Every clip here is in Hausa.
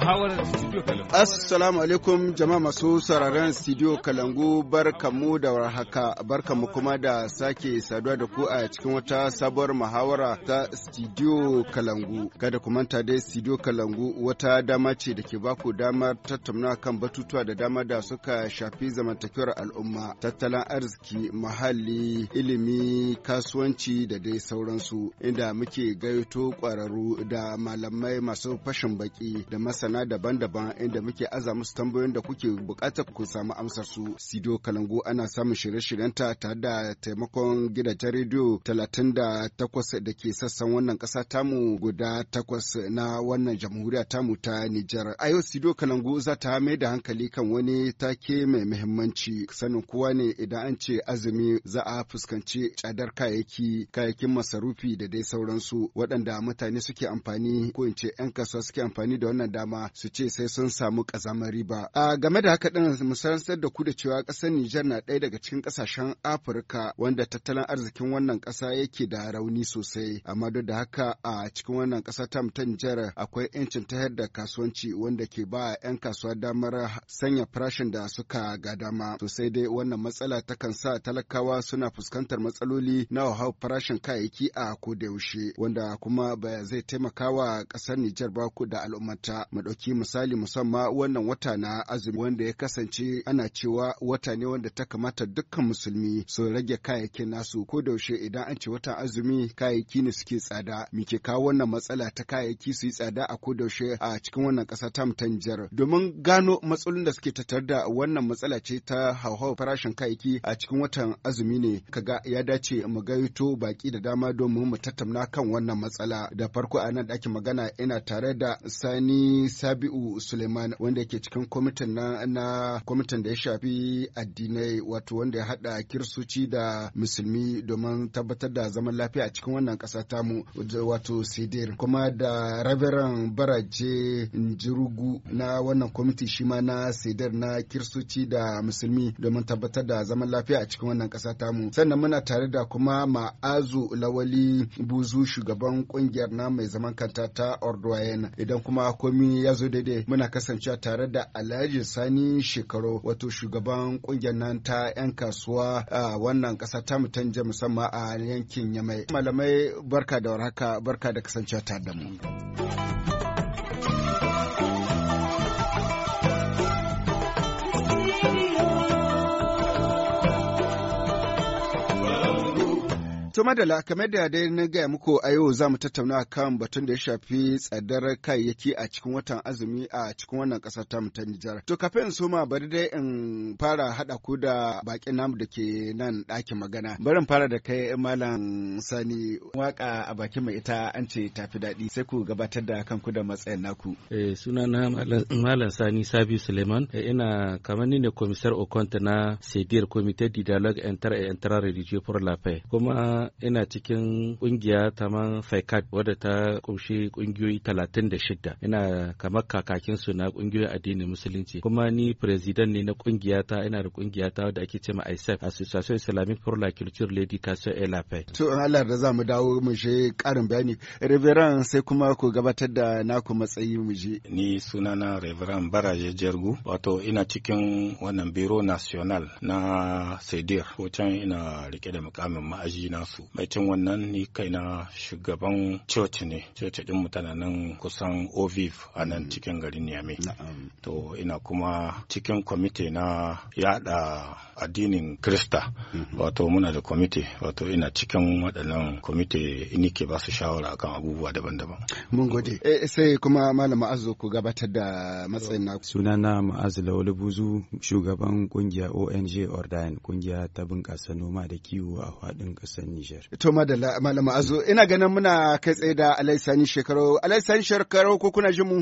Muhawarar Studio Kalangu. Assalamu alaikum jama'a masu sauraron Studio Kalangu barkamu da warhaka barkamu kuma da sake saduwa da ku a cikin wata sabuwar muhawara ta Studio Kalangu. Kada ku manta dai Studio Kalangu wata dama ce da ke baku damar tattauna kan batutuwa da dama da suka shafi zamantakewar al'umma, tattalin arziki, muhalli, ilimi, kasuwanci da dai sauransu inda muke gayyato kwararru da malamai masu fashin baki da masa masana daban-daban inda muke aza musu tambayoyin da kuke buƙatar ku samu amsar su. Sido Kalango ana samun shirye shiryen ta tare da taimakon gidajen rediyo talatin da takwas da ke sassan wannan ƙasa tamu guda takwas na wannan jamhuriya tamu ta Nijar. A yau Sido Kalango za ta mai da hankali kan wani take mai muhimmanci sanin kowa ne idan an ce azumi za a fuskanci tsadar kayayyaki kayayyakin masarufi da dai sauransu waɗanda mutane suke amfani ko in ce 'yan kasuwa suke amfani da wannan dama dama su ce sai sun samu kazamari ba. A game da haka ɗin musarantar da ku da cewa ƙasar Nijar na ɗaya daga cikin kasashen Afirka wanda tattalin arzikin wannan ƙasa yake da rauni sosai. Amma duk da haka a cikin wannan ƙasa ta ta Nijar akwai 'yancin ta yadda kasuwanci wanda ke ba 'yan kasuwa damar sanya farashin da suka ga dama. To sai dai wannan matsala takan sa talakawa suna fuskantar matsaloli na hauhau farashin kayayyaki a kodayaushe wanda kuma ba zai taimaka wa ƙasar Nijar ba da al'ummata. mu ɗauki misali musamman wannan wata na azumi wanda ya kasance ana cewa wata ne wanda ta kamata dukkan musulmi su rage kayayyakin nasu ko da yaushe idan an ce watan azumi kayayyaki ne suke tsada muke kawo wannan matsala ta kayayyaki su yi tsada a ko da yaushe a cikin wannan ƙasa ta mutanjar domin gano matsalolin da suke tattar da wannan matsala ce ta hauhawar farashin kayayyaki a cikin watan azumi ne kaga ya dace mu gaito baki da dama domin mu tattauna kan wannan matsala da farko a nan ake magana ina tare da sani Sabi'u Suleiman wanda ke cikin kwamitin na, na kwamitin da ya shafi addinai wato wanda ya hada kirsuci da musulmi domin tabbatar da zaman lafiya a cikin wannan kasa tamu wato sidir kuma da raveren baraje jirugu na wannan kwamiti shi ma na sidir na kirsuci da musulmi domin tabbatar da zaman lafiya a cikin wannan kasa tamu sannan muna tare da kuma ma'azu lawali buzu shugaban kungiyar na mai zaman kanta ta ordoyen idan kuma komi sani ya zo daidai muna kasancewa tare da alhaji sani shekaru wato shugaban kungiyar nan ta 'yan kasuwa a wannan kasa ta mutan je musamman a yankin yamai malamai barka da warhaka barka da kasancewa tare da mu. To madala kamar da dai na gaya muku a yau za mu tattauna kan batun da ya shafi tsadar kayayyaki a cikin watan azumi a cikin wannan kasar tamu ta Nijar. To kafin in soma bari dai in fara hada ku da bakin namu da ke nan ɗakin magana. Bari fara da kai Malam Sani waka a bakin mai ita an ce tafi daɗi sai ku gabatar da kanku da matsayin naku. Eh suna Malam Sani Sabi Suleiman eh, ina kamar ni ne komisar Okonta na Sedir Comité Dialogue Inter et Intra Religieux pour la Paix. Kuma ina cikin kungiya taman faikat wadda ta kunshi kungiyoyi talatin da shida ina kamar kakakin su na kungiyoyin addinin musulunci kuma ni president ne na kungiya ta ina da kungiya ta wadda ake cewa ISEF Association Islamic for la Culture Lady Kaso Elafe. To in Allah da za mu dawo mu je karin bayani Reverend sai kuma ku gabatar da naku matsayi mu je. Ni sunana Reverend Baraje Jergu wato ina cikin wannan Biro National na Sedir wacan ina rike da mukamin ma'aji na su baitin wannan ni kaina shugaban coci ne coci din mu nan kusan oviv a nan mm. cikin garin niamey to ina kuma cikin kwamiti na yada addinin krista mm-hmm. wato muna da kwamiti wato ina cikin waɗannan kwamiti ni ke ba su shawara akan abubuwa daban-daban mun gode eh, sai kuma malam ma'azu ku gabatar da matsayin na sunana ma'azu lawal buzu shugaban kungiya ong ordain kungiya ta bunƙasa noma da kiwo a faɗin ƙasar Niger. To madalla malama azo ina ganin muna kai tsaye da Alhaji Sani shekaru Alhaji Sani shekaru ko kuna jin mu?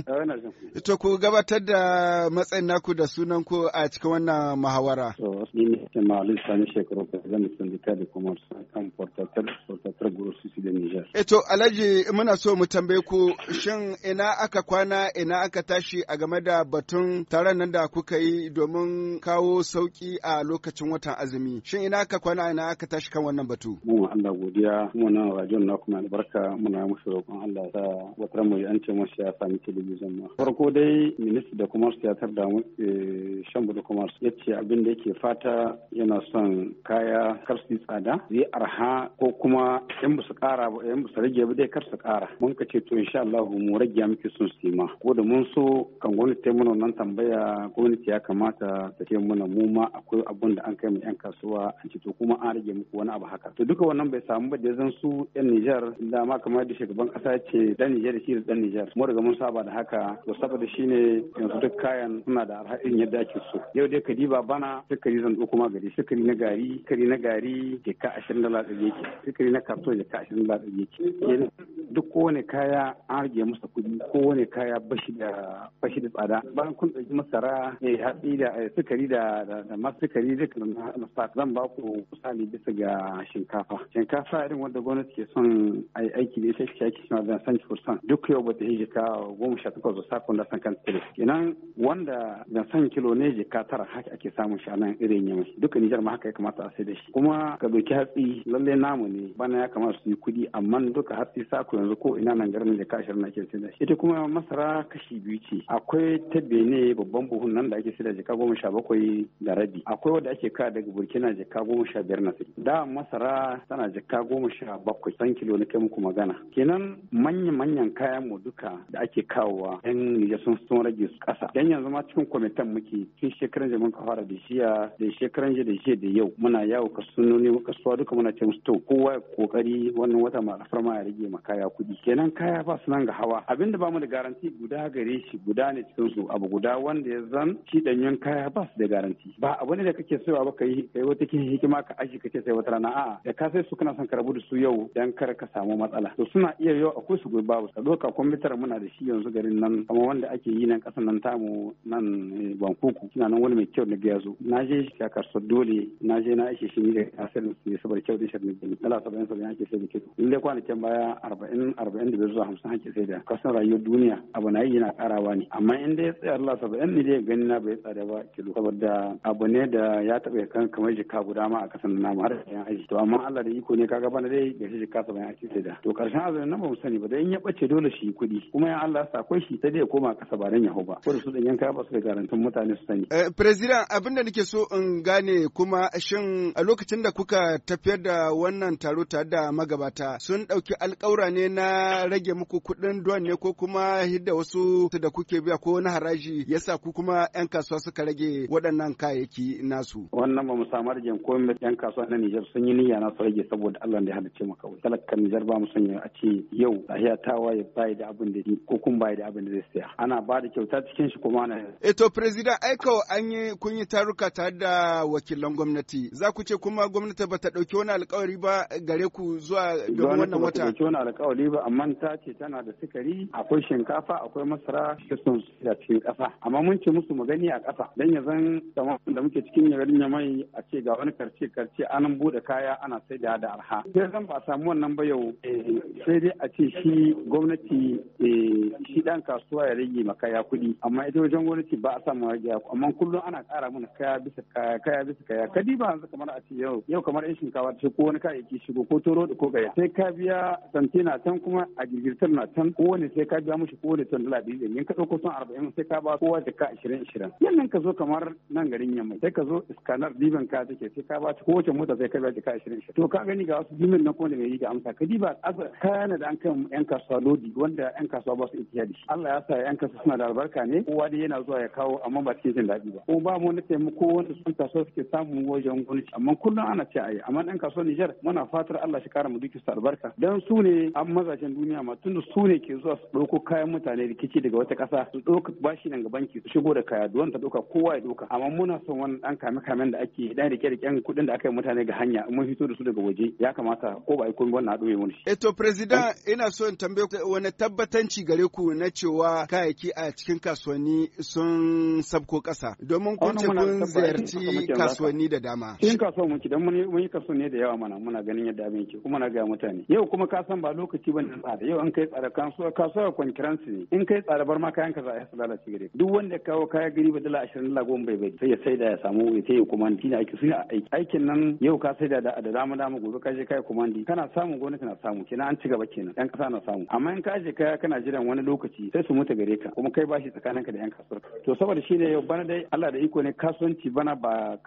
Eh, to ku gabatar da matsayin naku da sunan ku a cikin wannan muhawara. To ni ne ke ma Alhaji Sani shekaru president syndicat da kuma kan portateur portateur grossiste de Niger. E to Alhaji muna so mu tambaye ku shin ina aka kwana ina aka tashi a game da batun taron nan da kuka yi domin kawo sauki a lokacin watan azumi. Shin ina aka kwana ina aka tashi kan wannan batu? Mu Allah godiya kuma nan rajon na kuma albarka muna musu roƙon Allah ta wata mu an ce mu ya sami telebijin ma. Farko dai minista da kuma ya tarda mu eh, shan da kuma ya ce abin da yake fata yana son kaya kar su tsada zai arha ko kuma yan ba su ƙara ba yan ba su rage ba dai kar su ƙara. Mun ka ce to insha Allah mu rage muke son su ma. Ko da mun so kan gwamnati ta mana wannan tambaya gwamnati ya kamata ta ce mana mu ma akwai abun da an kai mu 'yan kasuwa an ce to kuma an rage muku wani abu haka. To duka wannan bai samu ba da zan su yan Nijar da ma kamar da shugaban kasa ce dan Nijar shi da dan Nijar mu riga mun saba da haka to saboda shine yanzu duk kayan suna da arhaɗin yadda ake so yau dai kadiba bana sukari zan ɗauko ma gari sukari na gari sukari na gari jika ashirin da latsa yake sukari na karto jika ashirin da latsa yake duk kowane kaya an rage masa kuɗi kowane kaya bashi da bashi da tsada bayan kun ɗauki masara mai hatsi da eh, sukari da da masu sukari duk na zan ba ku misali bisa ga shinkafa shinkafa irin wanda gwamnati ke son a yi aiki da ita ce ake da san Fursan duk yau bata hiji ka goma sha takwas ba sakon da san kan kilo. Inan wanda san kilo ne ka tara haka ake samun shi a nan irin yamai duka Nijar ma haka ya kamata a sai da shi. Kuma ka doki hatsi lalle namu ne bana ya kamata su yi kuɗi amma duka hatsi sako yanzu ko ina nan garin jika ashirin ke sai da shi. Ita kuma masara kashi biyu ce akwai ta Bene babban buhun nan da ake sai da jika goma sha bakwai da rabi akwai wanda ake ka daga Burkina jika goma sha biyar na sai. Da masara tana jikka goma sha bakwai san kilo na kai muku magana kenan manya-manyan kayan mu duka da ake kawowa yan nijar sun sun rage su kasa yan yanzu ma cikin kwamitan muke tun shekaran jami'an ka fara da shiya da shekaran jiya da jiya da yau muna yawo kasunoni kasuwa duka muna ce musu to kowa ya kokari wannan wata ma alfarma ya rage ma kaya kuɗi kenan kaya ba su nan ga hawa abin ba mu da garanti guda gare shi guda ne cikin su abu guda wanda ya zan shi danyen kaya ba su da garanti ba abu ne da kake sayawa ba kai kai wata kin hikima ka aji kace sai wata rana a'a da ka sai gare su kana son karbu da su yau dan kar ka samu matsala to suna iya yau akwai su gobe babu ka doka kwamfutar muna da shi yanzu garin nan kuma wanda ake yi nan kasan nan tamu nan eh, bankuku suna nan wani mai kyau na biya zo na je shi ka karso dole na je na ishe shi ne a asirin su ne saboda kyau da shirin gani dala saba'in saba'in ake sai da kyau in dai kwanakin baya 40 40 da zuwa 50 hake sai da kasan rayuwar duniya abu na yi yana karawa ne amma in dai tsayar Allah saba'in ne dai gani na bai tsare ba kilo saboda abu ne da ya taba kan kamar jika guda ma a kasan nama har da yan aji to amma Allah da iko ne kaga bana dai da shi kasa bayan ake da. to karshen azumin nan ba mu sani ba da in ya bace dole shi kuɗi kuma ya Allah sa akwai shi ta dai koma kasa ba dan ya ba ko da su dan yanka ba su da garantin mutane su sani eh, president abinda nake so in gane kuma shin a lokacin da kuka tafiyar da wannan taro tare da magabata sun ɗauki alƙawura ne na rage muku kuɗin duwan ne ko kuma hidda wasu da kuke biya ko wani haraji yasa ku kuma 'yan kasuwa suka rage waɗannan kayayyaki nasu. Wannan ba mu samu rage komai 'yan kasuwa na Nijar sun yi niyya na su rage ne saboda Allah da ya halicce mu kawai talakan Nijar ba mu sanya a ce yau lahiya ta waye bai da abin da ko kun bai da abin da zai saya ana ba da kyauta cikin shi kuma ana eh to president aika an yi kun yi taruka tare da wakilan gwamnati za ku ce kuma gwamnati ba ta dauki wani alkawari ba gare ku zuwa ga wannan wata ba ta dauki wani alkawari ba amma ta ce tana da sikari. akwai shinkafa akwai masara da sun da cikin kasa amma mun ce musu magani a kasa dan ya zan da muke cikin yagarin mai a ce ga wani karce karce an bude kaya ana sai da tsada da arha sai zan ba samu wannan ba yau eh. sai dai a ce shi gwamnati eh, shi dan kasuwa ya rage ma kaya kuɗi amma ita wajen gwamnati ba a samu rage amma kullum ana ƙara mana kaya bisa kaya kaya bisa kaya kadi ba yanzu kamar a ce yau yau kamar yan shinkafa ta ko wani kayayyaki shigo ko toro da ko gaya sai ka biya na can, kuma a girgirtar na ko kowane sai ka biya mushi kowane tan dala biyu ne ka ɗauko son arba'in sai ka ba kowa jaka ashirin ashirin yannan ka zo kamar nan garin yamma sai ka zo iskanar diban ka take sai ka ba kowace mota sai ka biya jaka ashirin ashirin to ka gani ga wasu jimin na kuma da yi da amsa ba a kana da an kan yan kasuwa lodi wanda yan kasuwa ba su iya da shi Allah ya sa yan kasuwa suna da albarka ne kowa dai yana zuwa ya kawo amma ba cikin jin daɗi ba kuma ba mu wani taimako wanda sun kasuwa suke samun wajen gwamnati amma kullum ana ce ayi amma yan kasuwa Nijar muna fatar Allah shi kara mu duki su albarka dan su ne an mazajen duniya ma tunda su ne ke zuwa su ɗauko kayan mutane rikici daga wata ƙasa su ɗauka bashi daga banki su shigo da kaya duwan ta ɗauka kowa ya ɗauka amma muna son wani ɗan kame-kamen da ake ɗan rike-riken kuɗin da aka yi mutane ga hanya mun fito da su daga waje waje ya kamata ko ba a yi ɗoye mun shi. Eto president ina so in tambaye ku wani tabbatanci gare ku na cewa kayayyaki a cikin kasuwanni sun sabko ƙasa domin kun ce kun ziyarci kasuwanni da dama. Cikin kasuwan mun dan mun yi kasuwanni da yawa mana muna ganin yadda abin ke kuma na ga mutane. Yau kuma ka san ba lokaci ba ne tsada yau an kai tsada kasuwa kasuwa kwankiransu ne in kai tsada bar ma kayan ka za a yi lalace gare duk wanda kawo kaya gari ba dala ashirin dala goma bai bai sai ya saida ya samu ya sai ya kuma shi ne aiki aikin nan yau ka saida da dama dama samu gobe ka je kai komandi kana samu gwamnati na samu kenan an ci gaba kenan yan kasa na samu amma in ka je kaya kana jiran wani lokaci sai su mutu gare ka kuma kai bashi tsakaninka da yan kasuwar to saboda shine yau bana dai Allah da iko ne kasuwanci bana ba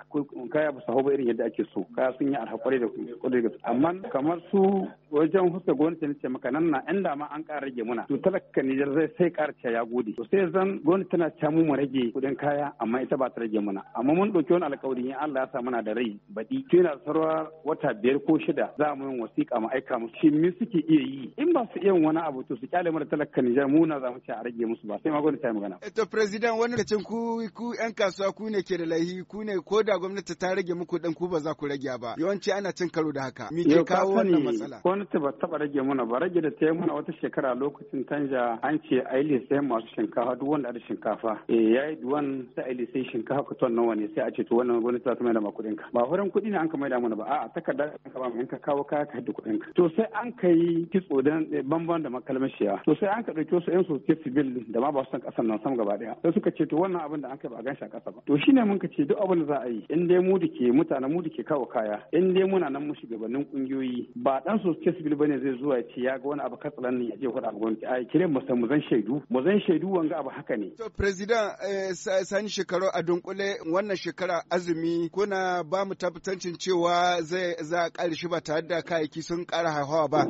kaya ba saho irin yadda ake so kaya sun yi alhakuri da kudi amma kamar su wajen huska gwamnati ne ce maka nan na inda ma an ƙara rage muna to talaka Nijar zai sai ƙara ce ya gode to sai zan gwamnati tana ta mu rage kudin kaya amma ita ba ta rage muna amma mun ɗauki wani alƙawari in Allah ya sa muna da rai baɗi to sarwa wata biyar biyar ko shida za mu yi wasiƙa mu aika musu shi me suke iya yi in ba su iya wani abu to su kyale mara talaka Nijar mu na za mu ce a rage musu ba sai ma gwamnati ta magana. Eh, to president wani lokacin ku ku yan kasuwa ku ne ke da laihi ku ne ko da gwamnati ta rage muku dan ku ba za ku rage ba yawanci ana cin karo da haka. Me ke kawo wannan matsala? Gwamnati ba taba rage mana ba rage da ta yi mana wata shekara lokacin tanja an ce a yi masu shinkafa duk wanda da shinkafa. Eh ya yi duwan sai ai yi lissayin shinkafa kuton nawa ne sai a ce to wannan gwamnati za ta mai da ma kuɗin ka. Ba furen kuɗi ne an ka mai da mana ba a'a takarda ka ba in ka kawo kaya ka da kuɗin to sai an ka yi kitso dan eh, bamban da makalmashiya to sai an ka ɗauki wasu 'yan sosai sibil da ma ba su san ƙasar nan sam gaba ɗaya sai suka ce to wannan abin da an kai ba a shi a ƙasa ba to shine mun ka ce duk abin da za a yi in dai mu da ke mutanen mu da ke kawo kaya in dai muna nan mu shugabannin kungiyoyi ba dan sosai ba ne zai zuwa ya ce ya ga wani abu katsalan ne ya je faɗa gwamnati a kire mu san mu zan shaidu mu zan shaidu wanga abu haka ne to president eh, sani shekaru a dunkule wannan shekara azumi kuna ba mu tabbatancin cewa zai za Karshe ba tare da kayayyaki sun ƙara haihuwa ba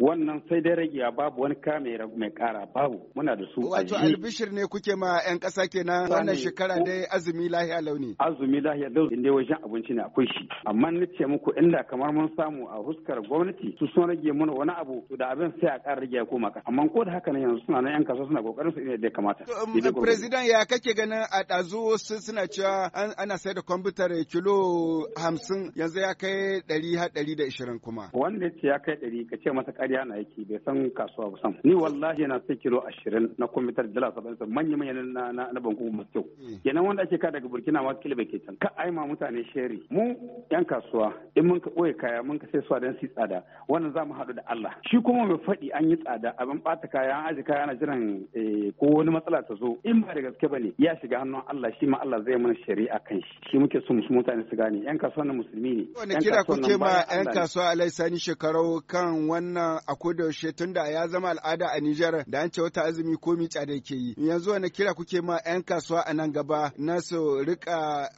wannan sai dai ragewa babu wani kame mai kara babu muna da su wato albishir ne kuke ma yan kasa kenan wannan shekara dai azumi lahiya launi azumi lahiya launi inda wajen abinci ne akwai shi amma ni ce muku inda kamar mun samu a huskar gwamnati su sun rage mana wani abu to da abin sai a kara rage ko maka amma ko da haka ne yanzu suna nan yan kasa suna kokarin su inda ya kamata um, president ya kake ganin a dazu suna cewa ana sai da kwamfutar kilo hamsin yanzu ya kai ɗari har ɗari da ishirin kuma wanda ya ce ya kai ɗari ka ce masa ƙarya na yake bai san kasuwa ba san ni wallahi yana sai kilo ashirin na kwamitar dala saba'in manya manya na na na banku masu kyau hmm. wanda ake ka daga burkina ma kila bai ke can ka aima mutane sheri mu yan kasuwa in mun ka ɓoye kaya mun ka sai su dan su tsada wannan zamu mu haɗu da Allah shi kuma mai faɗi an yi tsada a ban bata kaya an aji kaya na jiran eh, ko wani matsala ta zo in ba da gaske ba ne ya shiga hannun Allah shi ma Allah zai mana shari'a kan shi shi muke so mu mutane su gane yan kasuwa na musulmi ne. Wani kira kuke ma yan kasuwa alaisani shekarau kan wannan nan a kodayaushe tunda ya zama al'ada a Nijar da an ce wata azumi ko mica da yake yi. Yanzu wani kira kuke ma 'yan kasuwa a nan gaba na su rika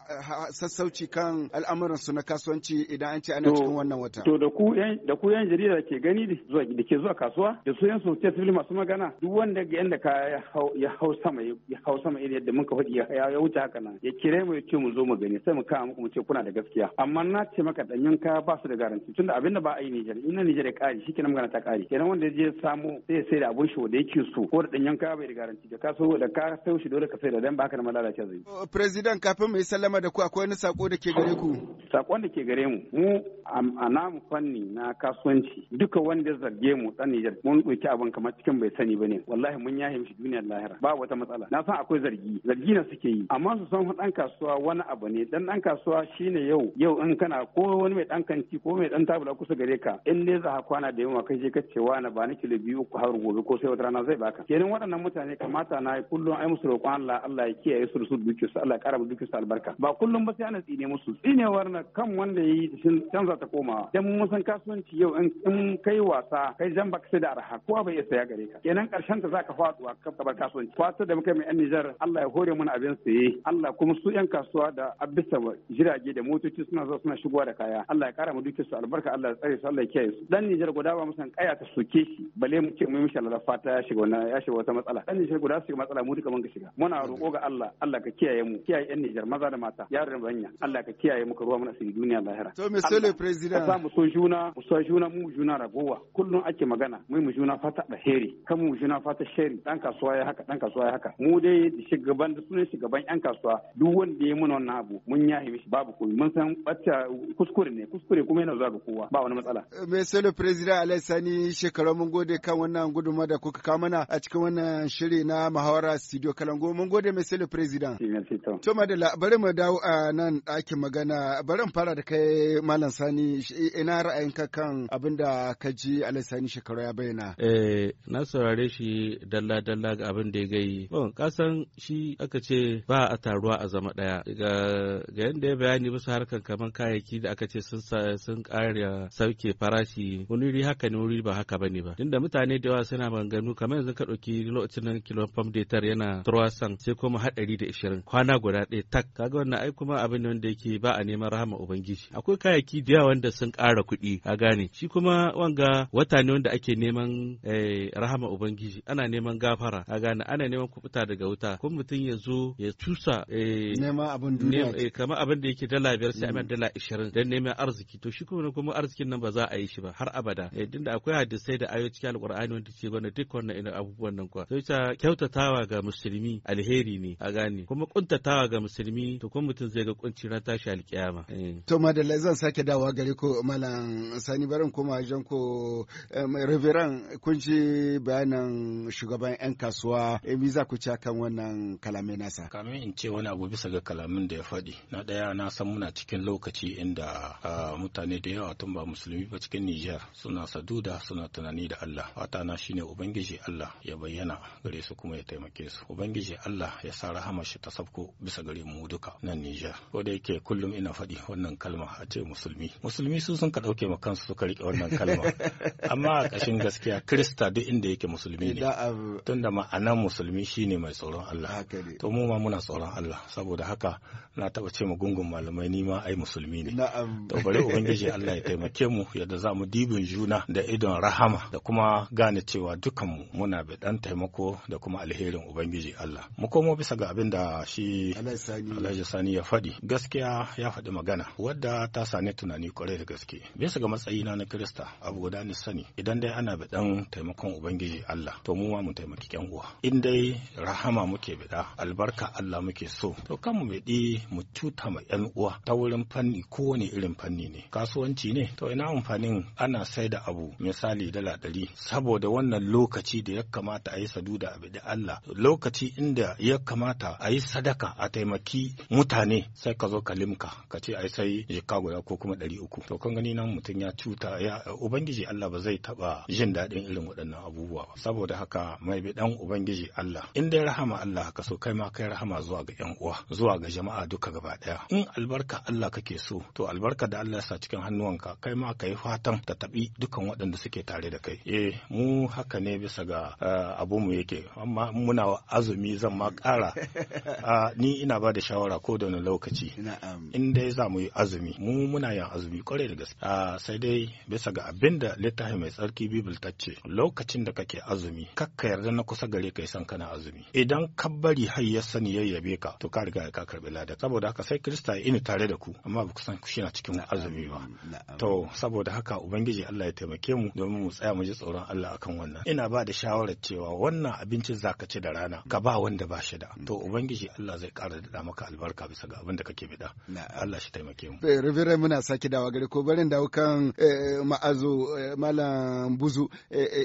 sassauci kan al'amuran su na kasuwanci idan an ce ana cikin wannan wata. To da ku yan jarida da ke gani da ke zuwa kasuwa da su yan sosai sivil masu magana duk wanda ga yanda ka ya hau sama ya hau sama irin yadda muka faɗi ya wuce haka nan ya kire mu ya ce mu zo mu gani sai mu kawo muku mu ce kuna da gaskiya amma na ce maka danyen ka ba su da garanti tunda abinda ba a yi Nijar ina Nijar ya kare shi kenan ta kare kenan wanda je samu sai sai da abun shi wanda yake so ko da danyen kaya bai da garanti da ka so da ka sayo shi dole ka sai da dan ba na da malalace zai oh, president kafin mu yi sallama da ku akwai wani sako da ke gare ku sakon da ke gare mu mu a namu fanni na kasuwanci duka wanda zarge mu dan Nijar mun ɗauki abin kamar cikin bai sani ba ne. wallahi mun yahi mishi duniyar lahira ba wata matsala na san akwai zargi zargi na suke yi amma su san dan kasuwa wani abu ne dan dan kasuwa shine yau yau in kana ko wani mai dan kanti ko mai dan tabula kusa gare ka in ne za kwana da yawa kai je ka cewa na ba nake kilo biyu ku har gobe ko sai wata rana zai baka kenan waɗannan mutane kamata na kullum ai musu roƙon Allah Allah ya kiyaye su duke su Allah ya ƙara su albarka ba kullum ba sai ana tsine musu tsinewar na kan wanda ya yi canza ta koma dan mun san kasuwanci yau in kai wasa kai jan baka sai da arha kowa ba ya saya gare ka kenan karshen ta zaka faduwa ka bar kasuwanci fata da muka mai yan Nijar Allah ya hore mana abin saye Allah kuma su yan kasuwa da abisa jirage da motoci suna zuwa suna shigowa da kaya Allah ya ƙara mu su albarka Allah ya tsare su Allah ya kiyaye su dan Niger musan kan kaya ta soke shi bale mu ce mu mishi Allah fata ya shiga wannan ya shiga wata matsala dan shi guda shiga matsala mu duka mun ga shiga muna roƙo ga Allah Allah ka kiyaye mu kiyaye yan Niger maza da mata yaro da banya Allah ka kiyaye mu ka ruwa mana asiri duniya lahira to monsieur le president ka mu so juna mu so juna mu juna ragowa kullun ake magana mu mu juna fata da heri kan mu juna fata sheri dan kasuwa ya haka dan kasuwa ya haka mu dai da shugaban da sunan shugaban yan kasuwa duk wanda ya muna wannan abu mun yahe mishi babu komai mun san bacci kuskure ne kuskure kuma yana zuwa ga kowa ba wani matsala monsieur le president Alessa sani shekara mun gode kan wannan guduma da kuka kawo mana a cikin wannan shiri na Mahawara studio kalango mun gode mai sele president eh, to Madala, bari mu dawo a nan ɗakin magana bari mu fara da kai malam sani ina ra'ayin ka kan abin da ka ji alai sani shekaru ya bayyana eh na saurare shi dalla dalla ga abin da ya gayi bon kasan shi aka ce ba a taruwa a zama ɗaya. ga ga yanda ya bayani musu harkan kaman kayayyaki da aka ce sun sun ƙara sauke farashi wani haka ne wuri ba haka bane ba tunda mutane da yawa suna maganganu kamar yanzu ka dauki lokacin nan kilon fam detar yana turwasan sai kuma hadari da ishirin kwana guda ɗaya tak kaga wannan ai kuma abin ne wanda yake ba a neman rahama ubangiji akwai kayayyaki da yawa wanda sun ƙara kuɗi a gane shi kuma wanga wata ne wanda ake neman eh, rahama ubangiji ana neman gafara a gane ana neman kuɓuta daga wuta kuma mutum ya zo ya cusa eh, neman abin duniya eh, kamar abin da yake dala biyar sai a mm. dala ishirin don neman arziki to shi kuma kuma arzikin nan ba za a yi shi ba har abada da akwai hadisai da ayoyi cikin alkur'ani wanda ke gwada duk wannan irin abubuwan nan kuwa sai ta kyautatawa ga musulmi alheri ne a gane kuma kuntatawa ga musulmi to kuma mutum zai ga kunci ran tashi alkiyama eh. to madalla zan sake dawowa gare ko malam sani barin kuma jan ko reveran kun bayanan shugaban yan kasuwa e za ku ci akan wannan kalamai nasa kamin in ce wani abu bisa ga kalamin da ya faɗi na ɗaya na san muna cikin lokaci inda ah, mutane da yawa tun ba musulmi ba cikin Nijar suna sadu da suna tunani da Allah fata na shine ubangiji Allah ya bayyana gare su kuma ya taimake su ubangiji Allah ya sa rahama shi ta sabko bisa gare mu duka nan Niger ko da yake kullum ina faɗi wannan kalma a ce musulmi musulmi su sun ka ɗauke ma kansu suka riƙe wannan kalma amma a ƙashin gaskiya Krista duk inda yake musulmi ne tunda ma'anan musulmi shine mai tsoron Allah to mu ma muna tsoron Allah saboda haka na taɓa ce ma gungun malamai ni ma ai musulmi ne to bari ubangiji Allah ya taimake mu yadda za mu dibin juna da idon rahama da kuma gane cewa dukanmu muna dan taimako da kuma alherin ubangiji Allah mu komo bisa ga abin da shi Alhaji Sani ya faɗi gaskiya ya faɗi magana wadda ta sani tunani kwarai da gaske bisa ga matsayi na Kirista abu guda ni sani idan dai ana dan taimakon ubangiji Allah to mu ma mu taimaki yan uwa in dai rahama muke bida albarka Allah muke so to kan mu di mu cuta ma yan uwa ta wurin fanni kowane irin fanni ne kasuwanci ne to ina amfanin ana sai da abu misali dala ɗari saboda wannan lokaci da ya kamata a yi saduda abu da Allah lokaci inda ya kamata a yi sadaka a taimaki mutane sai ka zo ka limka ka ce ai sai jika guda ko kuma ɗari uku to kan gani nan mutum ya cuta ya ubangiji Allah ba zai taɓa jin daɗin irin waɗannan abubuwa ba saboda haka mai bi ɗan ubangiji Allah in dai rahama Allah ka so kai ma kai rahama zuwa ga ƴan uwa zuwa ga jama'a duka gaba ɗaya in albarka Allah kake so to albarka da Allah ya sa cikin hannuwanka kai ma yi fatan ta taɓi dukan waɗannan waɗanda suke tare da kai eh mu haka ne bisa ga eh, abu mu yake amma muna azumi zan ma ƙara ah, ni ina ba da shawara ko da wani lokaci in dai za mu yi azumi mu muna yin azumi kwarai da gaske ah, sai dai bisa ga abin da littafi mai tsarki bibil ta ce lokacin da kake azumi kakka yarda na kusa gare ka san kana azumi idan ka bari har ya sani ya yabe ka to ka riga ka karbi lada saboda haka sai kirista ya ini tare da ku amma ba ku san ku shi na cikin azumi ba to saboda haka ubangiji Allah ya taimake mu domin mu tsaya mu ji tsoron Allah akan wannan ina ba da shawarar cewa wannan abincin zaka ci da rana ka ba wanda ba shi da mm. to ubangiji Allah zai ƙara da maka albarka bisa ga abin da kake bida Allah shi taimake mu eh, rivere muna saki dawa gari ko barin dawo kan eh, ma'azo eh, malam buzu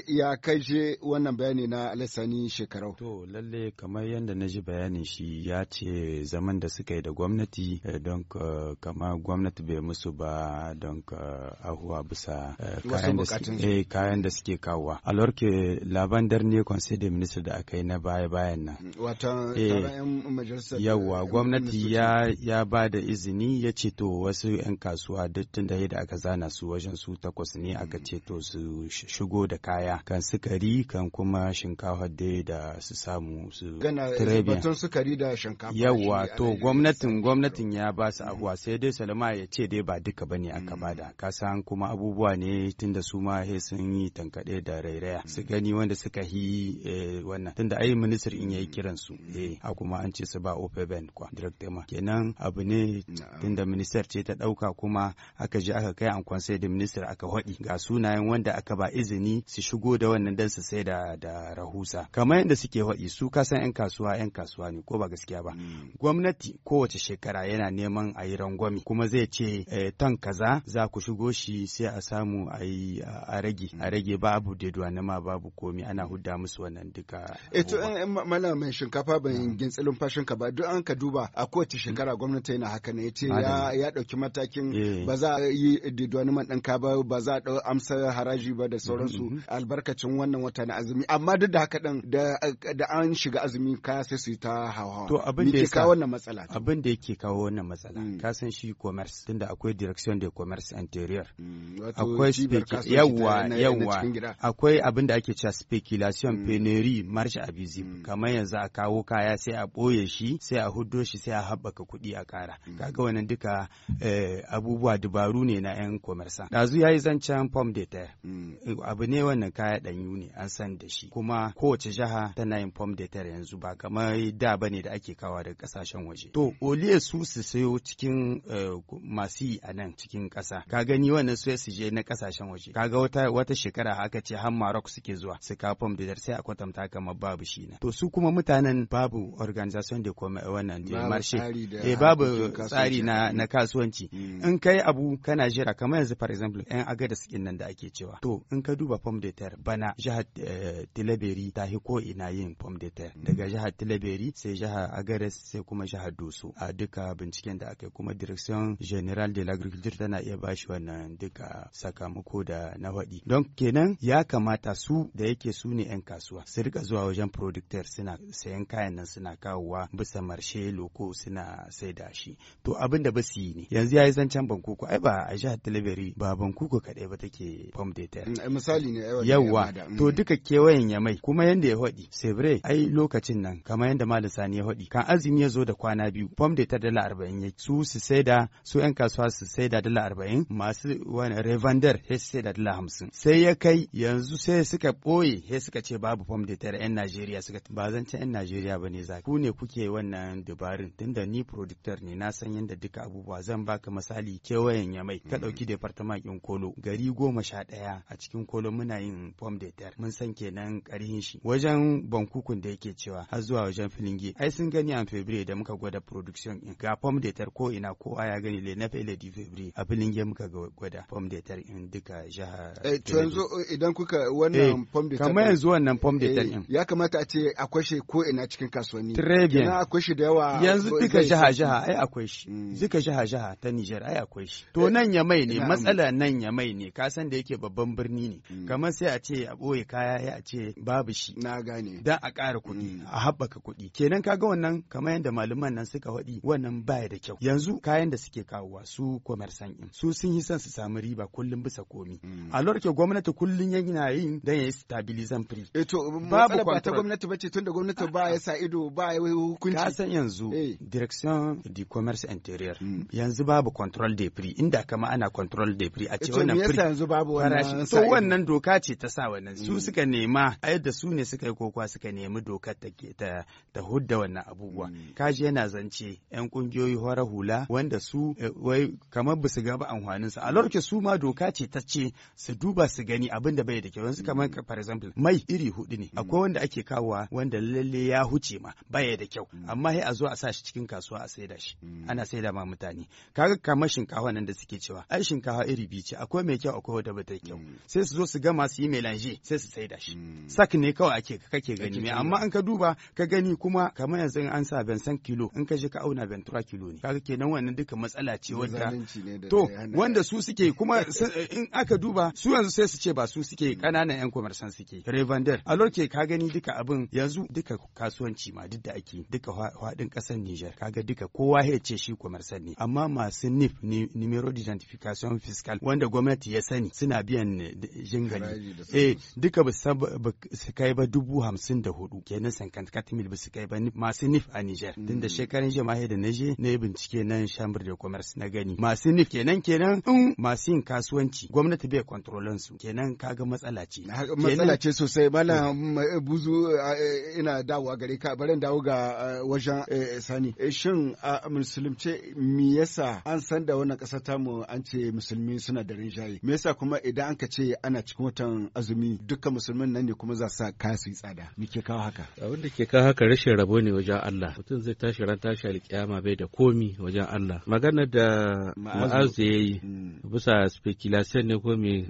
ya kai shi wannan bayani na alasani shekarau to lalle kamar yadda na ji bayanin shi ya ce zaman da suka yi da gwamnati don kama gwamnati bai musu ba don ahuwa bisa kayan da bukatun su eh, kayan da suke kawowa alor laban labandar ne conseil des ministres da aka yi na baya bayan nan mm, wato eh, majalisar gwamnati ya ya ba da izini ya ce to wasu yan kasuwa duk tun da aka zana su wajen su takwas ne aka mm. ce to su shigo da kaya kan sukari kan kuma shinkafa dai da su samu su eh, batun sukari da shinkafa to gwamnatin gwamnatin ya ba su mm. ahuwa sai dai salama ya ce dai ba duka bane aka bada kasan kuma abubuwa ne tunda su ma kuma sun yi tankaɗe da rairaya su gani wanda suka yi eh, wannan tunda ai minister in yayi kiran su eh a kuma an ce su ba ofeben kwa director ma kenan abu ne tunda minister ce ta dauka kuma aka je aka kai an conseil da minister aka hodi ga sunayen wanda aka ba izini su shigo da wannan dan su sai da da rahusa kamar yanda suke hodi su kasan yan kasuwa yan kasuwa ne ko ba gaskiya ba mm. gwamnati kowace shekara yana neman a yi rangwami kuma zai ce eh, tan kaza za ku shigo shi sai a samu a yi a rage a rage babu deduwa ma babu komi ana hudda musu wannan duka eto eh, in eh, malamin shinkafa ban mm. gintsilin fashin ka ba duk an ka duba a kowace shekara gwamnati yana haka ne yace ya ya dauki matakin eh. ba za a yi deduwa man ka ba ba za a dau amsa haraji ba da sauransu mm-hmm. albarkacin wannan wata na azumi amma duk da haka din da an shiga azumi ka sai su yi ta hawa to abin da yake kawo wannan matsala abin da yake kawo wannan matsala mm. ka san shi commerce tunda akwai direction de commerce interior mm, akwai yawwa yawwa akwai abin da ake cewa speculation mm. marche a abusive mm. kamar yanzu a kawo kaya sai a boye shi sai a huddo shi sai a haɓaka kuɗi a ƙara mm. kaga wannan duka eh, abubuwa dubaru ne na 'yan komersan ɗazu ya yi zancen pom de terre eh, abu ne wannan kaya ɗanyu ne an san da shi kuma kowace jaha tana yin pom de terre yanzu ba kamar da ba ne da ake kawa daga kasashen waje to oliye su su sayo cikin eh, masu yi a nan cikin ƙasa ka gani wannan su je na ƙasashen waje kaga ga wata wata shekara haka ce har Maroc suke zuwa su kafin bidar sai a kwatanta kamar babu shi na to su kuma mutanen babu organization eh, da kuma wannan da marshe eh babu tsari na na kasuwanci hmm. in kai abu kana jira kamar yanzu for example yan da sukin nan da ake cewa to in ka duba form de terre bana jihar eh, Tilaberi ta hi ko ina yin form de terre hmm. daga jihar Tilaberi sai jihar Agares sai kuma jihar dosu a duka binciken da aka yi kuma direction general de l'agriculture tana iya bashi wannan duka sakamako da na faɗi don kenan ya kamata su da yake su ne 'yan kasuwa su rika zuwa wajen producteur suna sayan kayan nan suna kawowa bisa marshe loko suna saida shi to abin da ba su yi ne yanzu ya yi zancen bankuku ai ba a jihar talabari ba bankuku kaɗai ba take pump de mm, misali ne yawa mm. to duka kewayen ya mai kuma yanda ya faɗi sevre ai lokacin nan kamar yanda malam sani ya faɗi kan azumi ya zo da kwana biyu pump de dala arba'in ya su su saida su 'yan kasuwa su saida dala arba'in masu wani revander sai da dala hamsin sai ya kai yanzu sai suka ɓoye sai suka ce babu fom da tare 'yan najeriya suka ba zan ce 'yan najeriya ba ne za ku ne kuke wannan dabarun tunda ni productor ne na san yadda duka abubuwa zan baka misali kewayen ya mai ka mm. ɗauki departament ɗin kolo gari goma sha ɗaya a cikin kolo muna yin fom da tare mun san kenan ƙarhin shi wajen bankukun da yake cewa har zuwa wajen filinge ai sun gani a febrile da muka gwada production in ga fom da tare ko ina kowa ya gani le na fele di febrile a filinge muka gwada fom da tare in duka jihar Eh, eh to yanzu eh, idan kuka wannan eh, pom de kamar yanzu wannan pom de din ya kamata a ce akwai shi ko ina cikin kasuwanni très bien akwai shi da yawa yanzu duka jaha jaha ai akwai shi mm. duka jaha jaha ta Niger ai akwai shi to nan ya mai ne matsala nan ya mai ne ka san da yake babban birni ne mm. kamar sai a ce a boye kaya ya ce babu shi na gane dan a ƙara kuɗi mm. a haɓaka kuɗi kenan kaga wannan kamar yadda maluman nan suka waɗi wannan baya da kyau yanzu kayan da suke kawowa su commerçant su sun yi son su samu riba kullum bisa komi a lorke gwamnati kullun yana yin dan ya stabilizan free E eh, to babu ba ta gwamnati bace tunda gwamnati ba ya sa ido ba ya hukunci ka san yanzu eh. direction du commerce interior hmm. yanzu babu control de free inda kama ana control de free a eh, ce wannan free yanzu babu wannan to wannan doka ce ta sa wannan su hmm. suka nema a yadda su ne suka yi kokwa suka nemi dokar ta ta ta hudda wannan abubuwa hmm. kaji yana zance yan kungiyoyi hora hula wanda su wai kamar ba su ga ba su a lorke su ma doka ce ta ce su duba su gani abin da bai da kyau yanzu kamar mm. for example mai iri hudu ne akwai mm. wanda ake kawowa wanda lalle ya huce ma baya da kyau mm. amma sai a zo a sa shi cikin kasuwa a saida shi ana saida ma mutane kaga kamar shinkafa nan da suke cewa ai shinkafa iri biyu ce akwai mai kyau akwai wata bai kyau sai su zo su gama su yi melange sai su saida shi sak ne kawai ake kake gani me amma an ka duba ka gani kuma kamar yanzu an sa san kilo in ka je ka auna tura kilo ne kaga kenan wannan duka matsala ce wanda to wanda su suke kuma in aka duba su yanzu sai su ce ba su suke ƙananan 'yan kwamarsan suke revander a lorke ka gani duka abin yanzu duka kasuwanci ma duk da ake duka faɗin ƙasar Nijar kaga duka kowa ya ce shi kwamarsan ne amma masu NIF numero identification fiscal wanda gwamnati ya sani suna biyan eh, jingali eh duka ba su kai ba dubu hamsin da hudu kenan sankankat mil ba su kai ba masu NIF a Nijar hmm. tun da shekarun jama'a da na je na yi bincike nan chambre de commerce na gani masu NIF kenan kenan in masu yin kasuwanci gwamnati bai kontrolin su kenan kaga matsala ce matsala ce sosai malam eh, buzu eh, ina dawo gare ka barin dawo ga eh, wajen sani shin a musulunce me yasa an san da wannan ƙasa tamu an ce musulmi suna da rinjaye me yasa kuma idan an ka ce ana cikin watan azumi dukkan musulmin nan ne kuma za sa kaya su yi tsada me ke kawo haka abin da ke kawo haka rashin rabo ne wajen Allah mutum zai tashi ran tashi alƙiyama bai da komi wajen Allah maganar da ma'azu ya yi mm. bisa speculation ne ko me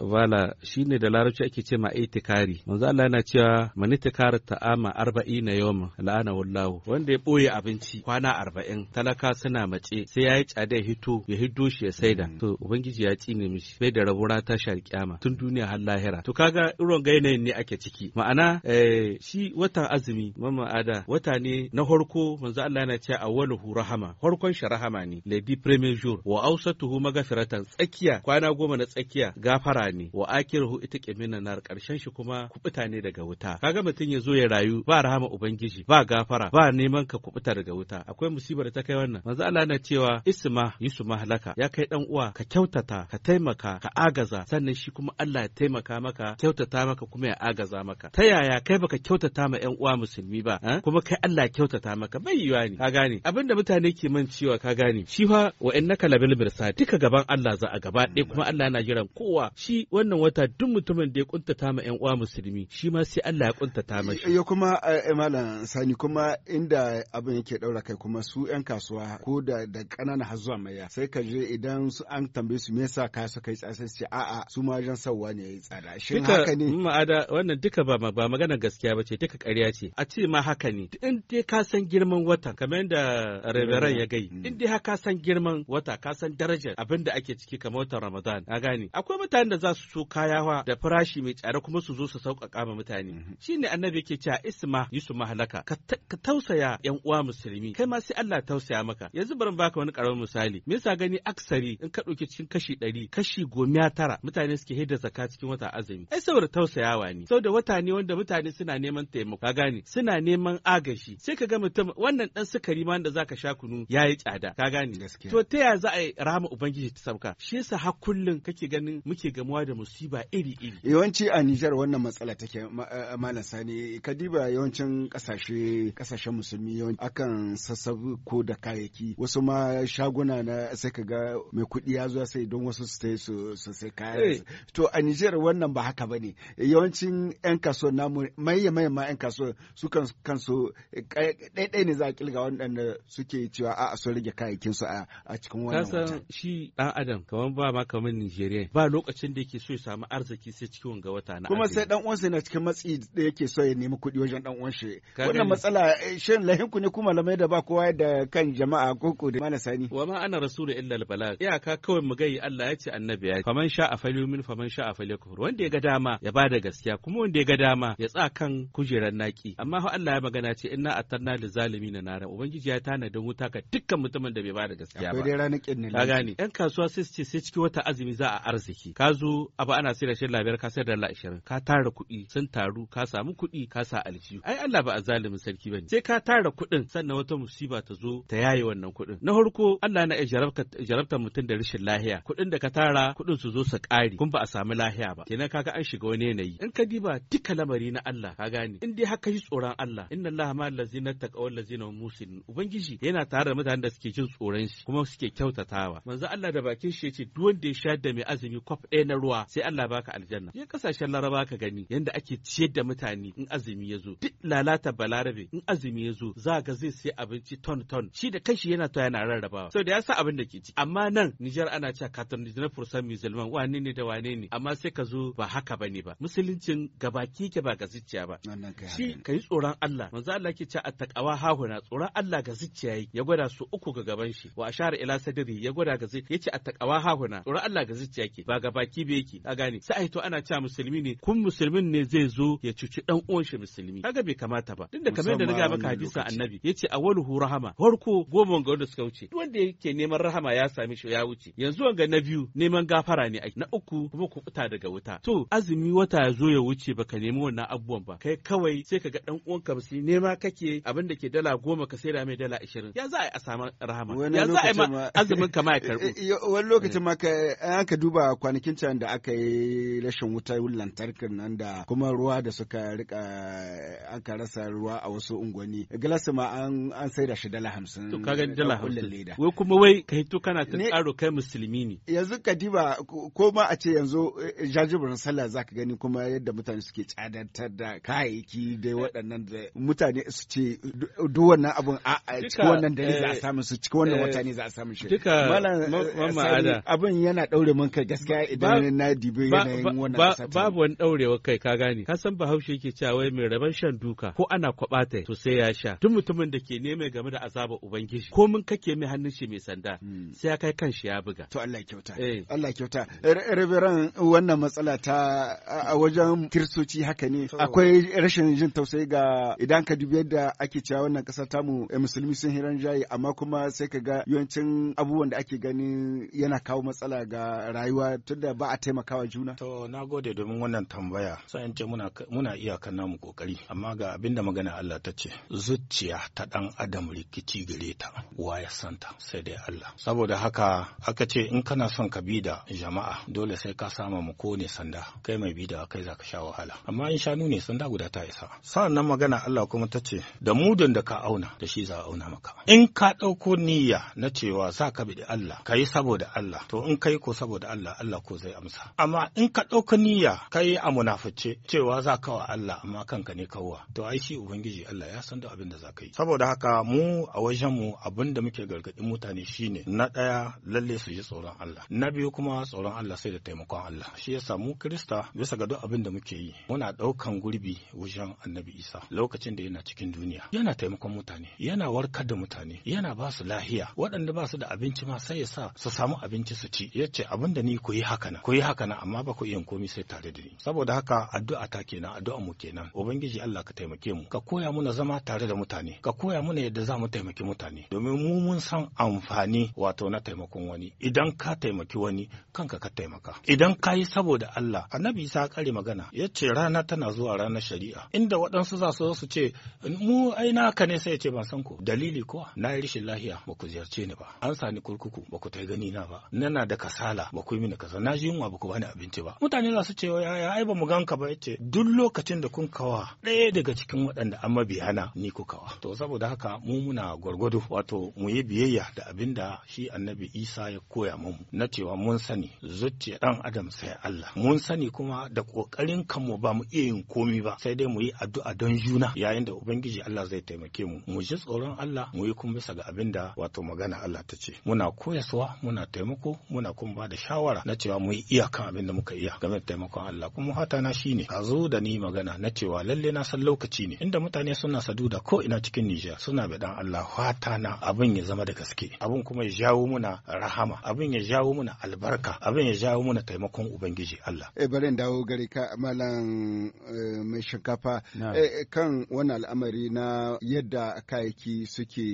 wala mm. shine da larabci ake ce ma itikari manzo Allah yana cewa man itikara ta'ama arba'ina yawma la'ana wallahu wanda ya boye abinci kwana arba'in talaka suna mace sai yayi tsada ya hito ya hiddo shi ya saida mm. to ubangiji ya tsine mishi sai da rabura ta shar kiyama tun duniya har lahira to kaga irin gainayin ne ake ciki ma'ana eh, shi watan azumi mamma ada wata ne na harko manzo Allah yana cewa awwaluhu rahama harkon shi rahama ne ladi premier jour wa ausatuhu magfiratan tsakiya kwana goma na tsakiya gafara ne wa akirhu ita kimina nar karshen shi kuma kubuta ne daga wuta kaga mutum ya zo ya rayu ba rahama ubangiji ba gafara ba neman ka kubuta daga wuta akwai musibar ta kai wannan manzo Allah na cewa isma yusuma halaka ya kai dan uwa ka kyautata ka taimaka ka agaza sannan shi kuma Allah ya taimaka maka kyautata maka kuma ya agaza maka ta yaya kai baka kyautata ma yan uwa musulmi ba eh? kuma kai Allah kyautata maka bai yiwa ne ka gane abinda mutane ke man cewa ka gane shi fa wa'annaka labil birsa duka gaban Allah za a gaba ɗaya kuma Allah yana jiran ko kowa shi wannan wata duk mutumin da ya kuntata ma yan uwa musulmi shi ma sai Allah ya kuntata mashi ya kuma eh, malam sani kuma inda abin yake daura kai kuma su yan kasuwa ko da da kanana har zuwa maya sai ka je idan su an tambaye su me yasa ka su kai tsasa ce a'a su ma jan sawwa ne yayi tsada shin haka ne ma'ada wannan duka ba ba magana gaskiya bace duka ƙarya ce a ce ma haka ne in dai ka san girman wata kamar yadda reveran ya gai mm. in dai ka san girman wata ka san darajar abin da ake ciki kamar watan Ramadan a gane akwai akwai mutanen da za su so kaya kayawa da farashi mai tsada kuma su zo su sauƙaƙa ma mutane mhm. shine annabi yake cewa isma yusu mahalaka ka tausaya yan uwa musulmi kai ma sai Allah tausaya maka yanzu bari baka wani karamin misali me yasa gani aksari in ka dauki cikin kashi ɗari kashi goma tara mutane suke hidda zakka cikin wata azumi ai saboda tausayawa ne saboda wata ne wanda mutane suna neman taimako ka gane suna neman agashi sai ka ga mutum wannan dan sukari ma da zaka sha kunu yayi tsada ka gane to ta ya za a rama ubangiji ta sauka shi yasa har kullun kake ganin muke gamuwa da musiba iri-iri. Yawanci a Nijar wannan matsala take eh, malam sani kadiba yawancin kasashe kasashen musulmi yawanci akan sassabu ko da kayayyaki wasu ma shaguna na sai ka ga mai kuɗi ya zo sai don wasu su sai su sai kaya. Eh. To a Nijar wannan ba haka bane yawancin 'yan kasuwar namu maye maye ma 'yan kasuwar su kan kansu eh, ɗaiɗai ne za a kilga waɗanda suke cewa a'a sun rage kayayyakin su a cikin wannan wata. Kasan shi ɗan Adam kamar ba ma kamar Nijeriya ba lokacin da yake so ya samu arziki sai cikin wanga wata na kuma sai dan uwansa yana cikin matsi da yake so ya nemi kuɗi wajen dan uwan shi wannan matsala eh, shin lahin ku ne kuma lamai da ba kowa da kan jama'a ko ko da mana sani wa ma ana rasulu illa al balag iyaka kawai mu gai Allah ya ce annabi ya faman sha a min faman sha a falyakfur wanda ya ga dama ya ba da gaskiya kuma wanda ya ga dama ya tsaka kan kujerar naki amma fa Allah ya magana ce inna atarna zalimi zalimin nara ubangiji ya tana da wuta ka. dukkan mutumin da bai ba da gaskiya ba akwai dai ranakin ne ka gane yan kasuwa sai su ce sai cikin wata azumi za a arziki aiki ka zo abu ana sai da shi labiyar ka sayar da Allah ashirin ka tara kuɗi sun taru ka samu kuɗi ka sa aljihu ai Allah ba a zalimin sarki bane sai ka tara kuɗin sannan wata musiba ta zo ta yaye wannan kuɗin na farko Allah na jarabta mutum da rashin lahiya kuɗin da ka tara kuɗin su zo su ƙari kun ba a samu lahiya ba kenan kaga an shiga wani yanayi in ka diba duka lamari na Allah ka gane in dai haka yi tsoron Allah inna Allah ma allazina taqaw allazina musin ubangiji yana tare da mutanen da suke jin tsoron shi kuma suke kyautatawa manzo Allah da bakin shi yace duk wanda ya sha da mai azumi kwaf ɗaya na ruwa sai Allah baka aljanna je kasashen laraba ka gani yanda ake ciyar da mutane in azumi ya zo duk lalata balarabe in azumi ya zo za ga zai sai abinci ton ton shi da kashi yana to yana rarrabawa da ya sa abin da ke ci amma nan Nijar ana cewa na fursan musulman wane ne da wane ne amma sai ka zo ba haka bane ba musuluncin gabaki ke ba ga zuciya ba shi ka yi tsoron Allah manzo Allah ke cewa attaqawa hahuna tsoron Allah ga zuciya ya gwada su uku ga gaban shi wa ashara ila sadri ya gwada ga zai yace attaqawa hahuna tsoron Allah ga zuciya ke ba ba ga baki ba yake a gane sai ai to ana cewa musulmi ne kun musulmin ne zai zo ya cuci dan uwan shi musulmi kaga bai kamata ba tunda kamar yadda naga maka hadisin annabi yace hu rahama farko goma ga wanda suka wuce duk wanda yake neman rahama ya sami shi ya wuce yanzu wanga na biyu neman gafara ne na uku kuma kuɓuta daga wuta to azumi wata ya zo ya wuce baka nemi wannan abubuwan ba kai kawai sai ka ga dan ka musulmi nema kake abin da ke dala goma ka saida mai dala ishirin ya za a yi a samu rahama ya za a yi azumin ka ma ya karbu wani lokacin ma ka duba kwanakin can da aka yi rashin wutar lantarkin nan da kuma ruwa da suka rika aka rasa ruwa a wasu unguwanni glass ma an an saida shi dala hamsin to kaga dala hamsin wai kuma wai kai to kana ta tsaro kai musulmi ne yanzu kadiba ko ma a ce yanzu eh, jajibirin sallah zaka gani kuma yadda mutane suke tsadantar da kayayyaki da eh. waɗannan da mutane su ce duk wannan abun a cikin wannan dare za a eh, samu su cikin wannan wata ne za a samu shi duka abin yana daure mun kai gaskiya idan na babu wani daurewa kai ka gane ka san bahaushe yake cewa wai mai raban shan duka ko ana kwabata to sai ya sha duk mutumin da ke neme game da azaba ubangiji ko mun kake mai hannun shi mai sanda hmm. sai ya kai kan shi ya buga to Allah kyauta eh. Allah kyauta reveran wannan matsala ta a wajen kiristoci haka ne akwai rashin jin tausayi ga idan ka dubi yadda ake cewa wannan kasa tamu eh, musulmi sun hiran jayi amma kuma sai ka ga yawancin abubuwan da ake ganin yana kawo matsala ga rayuwa tunda ba a taimakawa juna to na gode domin wannan tambaya sai ce muna muna iyakan namu kokari amma ga abinda magana Allah ta ce zuciya ta dan adam rikici gare ta wa ya santa sai dai Allah saboda haka aka ce in kana son ka bi da jama'a dole sai ka sama mu ko ne sanda kai mai bi da kai zaka sha wahala amma in shanu ne sanda guda ta isa sannan magana Allah kuma ta ce da mudun da ka auna da shi za a auna maka in ka ɗauko niyya na cewa za ka bi da Allah ka yi saboda Allah to in kai ko saboda Allah Allah Allah ko zai amsa amma in ka ɗauka niyya ka yi a munafice cewa za ka wa Allah amma kanka ne kawwa to ai shi ubangiji Allah ya san da abin da za ka yi saboda haka mu a wajen mu abin da muke gargaɗi mutane shine na ɗaya lalle su ji tsoron Allah na biyu kuma tsoron Allah sai da taimakon Allah shi yasa mu Kirista bisa ga duk abin da muke yi muna ɗaukan gurbi wajen Annabi Isa lokacin da yana cikin duniya yana taimakon mutane yana warkar da mutane yana ba su lahiya waɗanda ba su da abinci ma sai ya sa su samu abinci su ci yace abin da ni ku yi haka nan ku yi haka nan amma ba ku iya komai sai tare da ni saboda haka addu'a ta kenan addu'a mu kenan ubangiji Allah ka taimake mu ka koya muna zama tare da mutane ka koya muna yadda za mu taimaki mutane domin mu mun san amfani wato na taimakon wani idan ka taimaki wani kanka ka taimaka idan ka yi saboda Allah annabi sa kare magana ya ce rana tana zuwa ranar shari'a inda waɗansu za su su ce mu ai naka ne sai ya ce ban san ku dalili ko na yi rashin lahiya ba ku ziyarce ni ba an sani kurkuku ba ku ta gani na ba nana da kasala ba ku yi mini kaza kaza na ji yunwa ba ku bani abinci ba mutane za su ce wa yaya ai ba mu ganka ba yace duk lokacin da kun kawa ɗaya daga cikin waɗanda an mabiyana ni ku kawa to saboda haka mu muna gwargwado wato mu yi biyayya da abin da shi annabi Isa ya koya mu na cewa mun sani zuciya dan adam sai Allah mun sani kuma da kokarin kanmu ba mu iya yin komi ba sai dai mu yi addu'a don juna yayin da ubangiji Allah zai taimake mu mu ji tsoron Allah mu yi kuma bisa ga abin da wato magana Allah ta ce muna koyaswa muna taimako muna kuma ba da shawara na ce cewa mu yi iyaka abin da muka iya game da taimakon Allah kuma hata na shine a zo da ni magana na cewa lalle na san lokaci ne inda mutane suna saduda ko ina cikin Nijar suna bi dan Allah hata na abin ya zama da gaske abin kuma ya jawo muna rahama abin ya jawo muna albarka abin ya jawo muna taimakon ubangiji Allah eh bari dawo gare ka malam eh, mai shinkafa eh, eh, kan wannan al'amari na yadda kayayyaki suke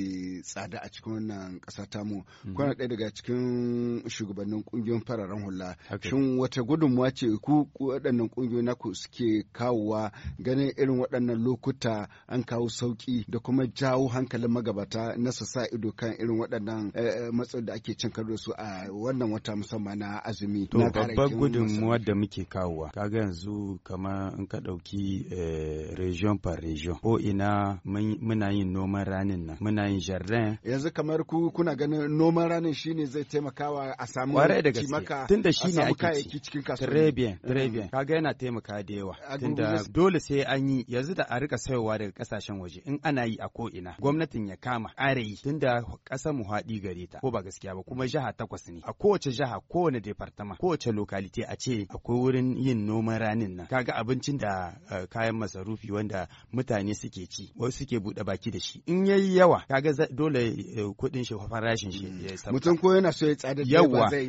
tsada a cikin wannan ƙasa tamu mm-hmm. kuna ɗaya daga cikin shugabannin ƙungiyoyin fararen hula shin wata gudunmuwa ce ku waɗannan ƙungiyoyi ku suke kawowa ganin irin waɗannan lokuta an kawo sauƙi da kuma jawo hankalin magabata na su sa ido kan irin waɗannan eh, eh, matsalolin da ake cin karo su a wannan wata musamman na azumi to babban gudunmuwa da muke kawowa kaga yanzu kamar in ka ɗauki eh, region par region ko ina muna yin noman ranin nan muna yin jardin yanzu kamar ku kuna ganin noman ranin shine zai taimakawa a samu cimaka tunda shi ne ake cikin Trebian, Trebian. Mm. Kaga yana taimaka da yawa. Tunda dole sai an yi yanzu da a rika sayowa daga kasashen waje in ana yi a ko ina. Gwamnatin ya kama are yi tunda kasar mu haɗi gare ta ko ba gaskiya ba kuma jiha takwas ne. A kowace jiha kowane departama kowace lokalite a ce akwai wurin yin noman ranin nan. Kaga abincin da eh, kayan masarufi wanda mutane suke ci wasu suke buɗe baki da shi. In yayi yawa kaga dole eh, kuɗin shi farashin shi mm. ya Mutum ko yana so ya tsada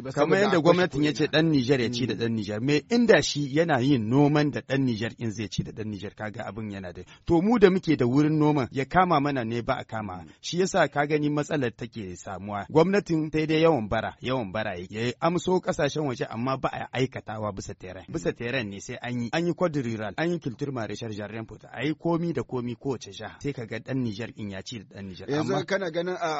ba kamar yadda gwamnatin ya ce dan Nijar ya ci da dan Nijar me inda shi yana yin noman da dan Nijar in zai ci da dan Nijar kaga abin yana da to mu da muke da wurin noman ya kama mana ne ba a kama shi yasa ka gani matsalar take samuwa gwamnatin sai dai yawan bara yawan bara ya amso kasashen waje amma ba a aikatawa bisa teren bisa teren ne sai an yi an yi quadrilateral an yi culture marishar jarren fota a komi da komi kowace jiha sai kaga dan Nijar in ya ci da dan Nijar yanzu kana ganin a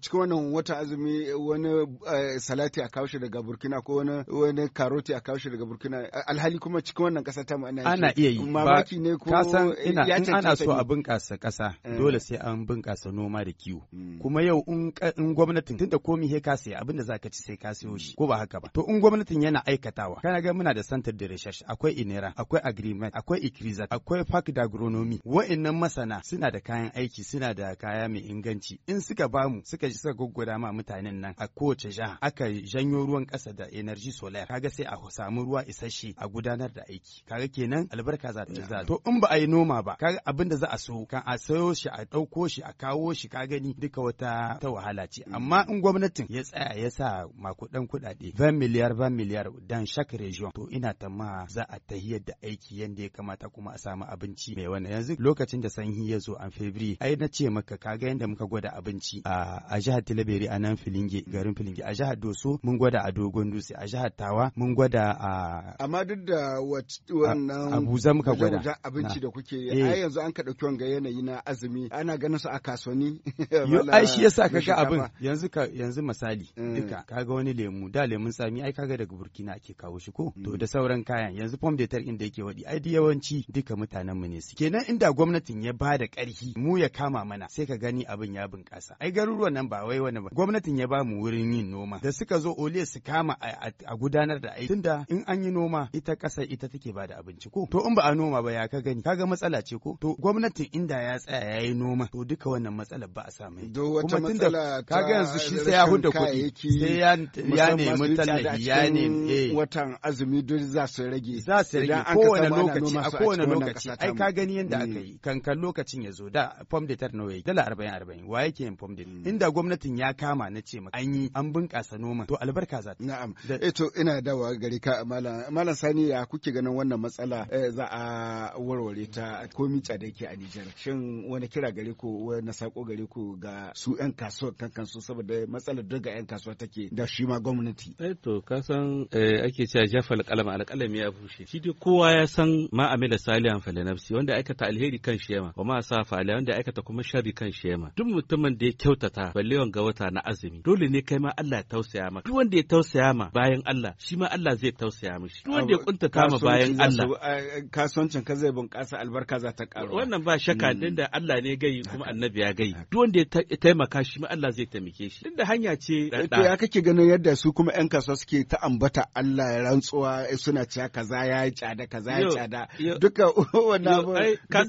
cikin wannan wata azumi wani eh, salati a kawo shi daga Burkina ko wani wani karoti a kawo daga burkina alhali kuma cikin wannan kasa ta ma'ana ana iya yi mamaki ne ko kasan ina in ana so a bunkasa kasa eh. dole sai an bunkasa noma da kiwo hmm. kuma yau in gwamnatin tunda komi he ka sai abin zaka ci sai ka sayo shi ko ba haka ba to in gwamnatin yana aikatawa kana ga muna da center da research akwai inera akwai agreement akwai ikriza akwai fac da agronomy wa'annan masana suna da kayan aiki suna da kaya mai inganci in suka bamu suka ji suka goggoda ma mutanen nan a kowace jiha aka janyo ruwan kasa da energy solar kaga sai a samu ruwa isasshe a gudanar da aiki kaga kenan albarka za ta za to in ba a yi noma ba kaga abin da za a so kan a sayo shi a ɗauko shi a kawo shi ka gani duka wata ta wahala ce mm. amma in gwamnatin ya tsaya ya sa makudan kudade. Van miliyar van miliyar dan shak region to ina ma za a tahiyar da aiki yanda ya kamata kuma a samu abinci mai wannan yanzu lokacin da sanyi ya zo a febri ai na ce maka kaga yanda muka gwada abinci a jihar Tilaberi a nan Filinge garin Filinge a jihar Doso mun gwada a dogon dutse a jihar Tawa mun gwada a amma duk da wannan abuza muka gwada abinci da kuke yi eh. yanzu an ka dauki wanga yanayi na azumi ana ganin su a kasuwanni ai shi yasa ga abin yanzu ka yanzu misali eh. duka kaga wani lemu da lemun tsami ai kaga daga Burkina ake kawo shi ko to mm. da sauran kayan yanzu pom de terre inda yake wadi ai yawanci duka mutanen mu ne su kenan inda gwamnatin ya ba da karfi mu ya kama mana sai ka gani abin ya bunƙasa ai garuruwan nan ba wai wani ba gwamnatin ya ba mu wurin yin noma da suka zo ole su kama a gudanar da aiki tunda in an yi noma ita ƙasa ita take da abinci ko to in ba a noma ba ya ka gani kaga matsala ce ko to gwamnatin inda ya tsaya ya yi noma to duka wannan matsalar ba a samu kuma tunda kaga yanzu shi sai ya huda kuɗi sai ya nemi tallafi ya nemi eh. watan azumi duk za su rage za su rage kowane lokaci a kowane lokaci ai ka gani yanda aka mm. yi kankan lokacin ya zo da fom de tar nawa dala arba'in arba'in wa yake yin fom de mm. inda gwamnatin ya kama na ce an yi an bunkasa noma to albarka za ta na'am Eto eh ina dawa gari ka malam Sani ya kuke ganin wannan matsala eh, za a warware ta komi da ke a Nijar. Shin wani kira gare ku wani sako gare ku ga su 'yan kasuwa kan kansu saboda matsalar ga 'yan kasuwa take da shi ma gwamnati. Eto eh ka san ake cewa jafal kalam alƙalami ya bushe. Shi dai kowa ya san ma amila salihan falinafsi wanda aikata alheri kan shi yama wa ma sa fa'ala wanda aikata kuma sharri kan shi yama. Duk mutumin da ya kyautata balle ga wata na azumi dole ne kai ma Allah ya tausaya maka. Duk wanda ya tausaya ma bayan Allah shi ma Allah zai tausaya mishi duk wanda ya kuntata ma bayan Allah eh, eh, kasuwancin ka zai bunƙasa albarka za ta ƙaru wannan ba shakka hmm. din da Allah ne gai kuma annabi ya gai duk wanda ya taimaka shi ma Allah zai taimake shi din da hanya ce eh, to ya kake ganin yadda su kuma ƴan kasuwa suke ta ambata Allah ya rantsuwa suna cewa kaza ya yi tsada kaza ya tsada duka wannan abu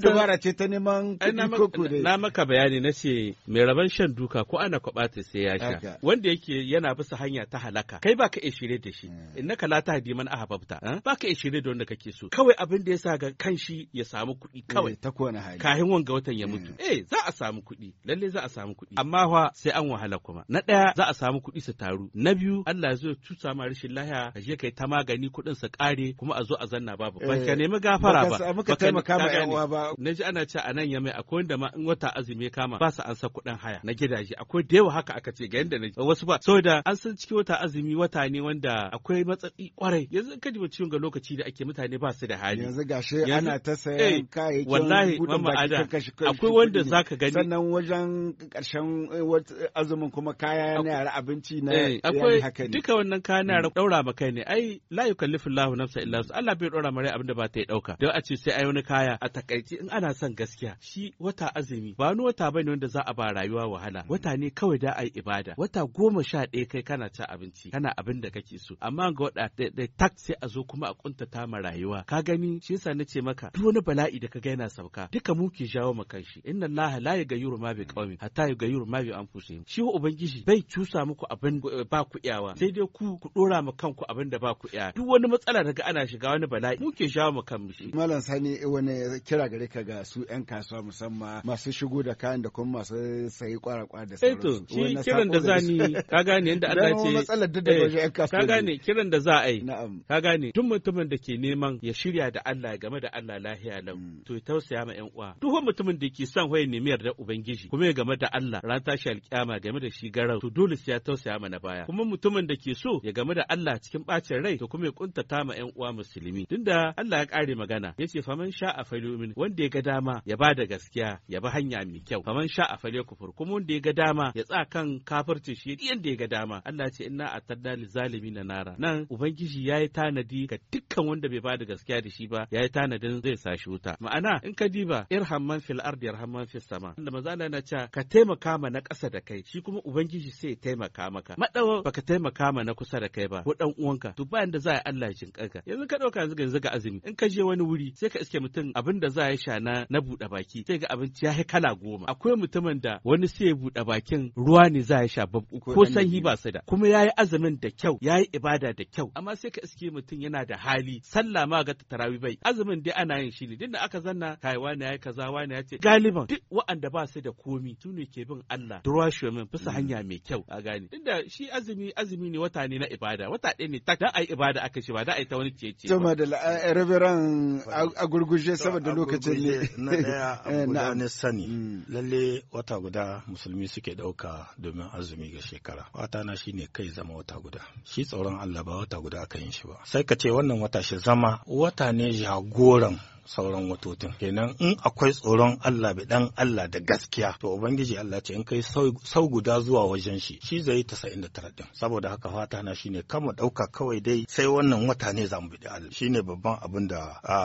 dubara ce ta neman kuɗi koko dai na maka bayani na ce mai raban shan duka ko ana ta sai ya sha wanda yake yana bisa hanya ta halaka kai ba ka shirye da shi hmm. innaka la tahdi man ahbabta eh? ba ka shirye da wanda kake so kawai abin da yasa ga kanshi ya samu kuɗi eh, kawai ta kowane hali kafin wanga watan ya mutu hmm. eh za a samu kuɗi lalle za a samu kuɗi amma fa sai an wahala kuma na ɗaya za a samu kuɗi su taru na biyu Allah zai tusa ma rashin lahiya ka je kai ta magani kuɗin sa ƙare kuma a zo a zanna babu ba ka eh, nemi gafara ba ba ka taimaka ma yan uwa ba na ji ana cewa a nan mai akwai wanda ma in wata azumi kama ba su an sa kuɗin haya na gidaje akwai da yawa haka aka ce ga yanda na wasu ba saboda an san cikin wata azumi wata ne wanda akwai matsatsi kwarai yanzu ka jiba ciwon ga lokaci da ake mutane ba su da hali yanzu gashi ana ta sayan eh, kayayyakin wallahi mamma ada akwai wanda zaka gani sannan wajen karshen eh, azumin kuma kaya na yara abinci na eh, akwai duka wannan kaya na yara daura mm. ma kai ne ai la yukallifu Allahu nafsa illa su Allah bai daura mare abinda ba ta yi dauka don a ce sai ai wani kaya a takaice in ana son gaskiya shi wata azumi ba wani wata bane wanda za a ba rayuwa wahala wata ne kawai da ai ibada wata goma sha ɗaya kai kana ci abinci kana abin da kake so amma ga wada da tax sai a zo kuma a kuntata ma rayuwa ka gani shi yasa nace maka duk wani bala'i da kaga yana sauka duka mu ke jawo ma shi inna allaha la yughayyiru ma bi qaumin hatta yughayyiru ma bi anfusihim shi ubangiji bai cusa muku abin ba ku iyawa sai dai ku ku dora ma kanku abin da ba ku iya duk wani matsala daga ana shiga wani bala'i mu ke jawo ma shi malam sani eh, wani kira gare ka ga su yan kasuwa musamman masu shigo da kayan da kuma masu sayi kwara da eh sauransu shi kiran da zani ka gane yanda Allah ce matsalar da daga eh, wajen ka gane kiran da za a yi ka gane duk mutumin da ke neman ya shirya da Allah game da Allah lahiya lam hmm. to ya tausaya ma yan uwa duk mutumin da ke son hoye nemi da ubangiji kuma ya game da Allah ran tashi alƙiyama game da shi garau to dole sai ya tausaya ma na baya kuma mutumin da ke so ya game da Allah cikin bacin rai to kuma ya kuntata ma yan uwa musulmi tunda Allah ya kare magana yace faman sha a falumin wanda ya ga dama ya ba da gaskiya ya ba hanya mai kyau faman sha a fale kufur kuma wanda ya ga dama ya tsa kan kafircin shi yanda ya ga dama Allah ce inna atadda malami na nara nan ubangiji ya yi tanadi ga dukkan wanda bai bada gaskiya da shi ba ya yi tanadin zai sa shi wuta ma'ana in ka diba irhamman fil ardi irhamman fil sama da mazana na cewa ka taimaka ma na ƙasa da kai shi kuma ubangiji sai taimaka maka madawa baka taimaka ma na kusa da kai ba ko dan uwanka to bayan da za a Allah jin kanka yanzu ka dauka yanzu yanzu ga azumi in ka je wani wuri sai ka iske mutum abin da za ya sha na na buɗe baki sai ga abinci ya yi kala goma akwai mutumin da wani sai ya buɗe bakin ruwa ne za sha ko sanyi ba su da kuma ya azumin da kyau ya yi ibada da kyau amma sai ka iske mutum yana da hali sallah ma ga tarawi bai azumin dai ana yin shi ne dinda aka zanna kai wani yayi kaza wani ya ce galiban duk wa'anda ba su da komi su ne ke bin Allah shi min fisa mm. hanya mai kyau a gane dinda shi azumi azumi ne wata ne na ibada wata ɗaya ne ta ai ibada aka shi ba da ai ta wani ciye ciye ba da eh, eh, a gurguje saboda lokacin ne na daya eh, na sani mm. lalle wata guda musulmi suke dauka domin azumi ga shekara wata na shine kai zama wata guda shi tsoron Allah ba wata guda aka yin shi ba sai ka ce wannan wata shi zama wata ne jagoran sauran watotin kenan in akwai tsoron Allah bi dan Allah da gaskiya to ubangiji Allah ce in kai sau guda zuwa wajen shi shi zai yi 99 din saboda haka fata na shine kama ɗauka kawai dai sai wannan wata ne zamu bi Allah shine babban abin da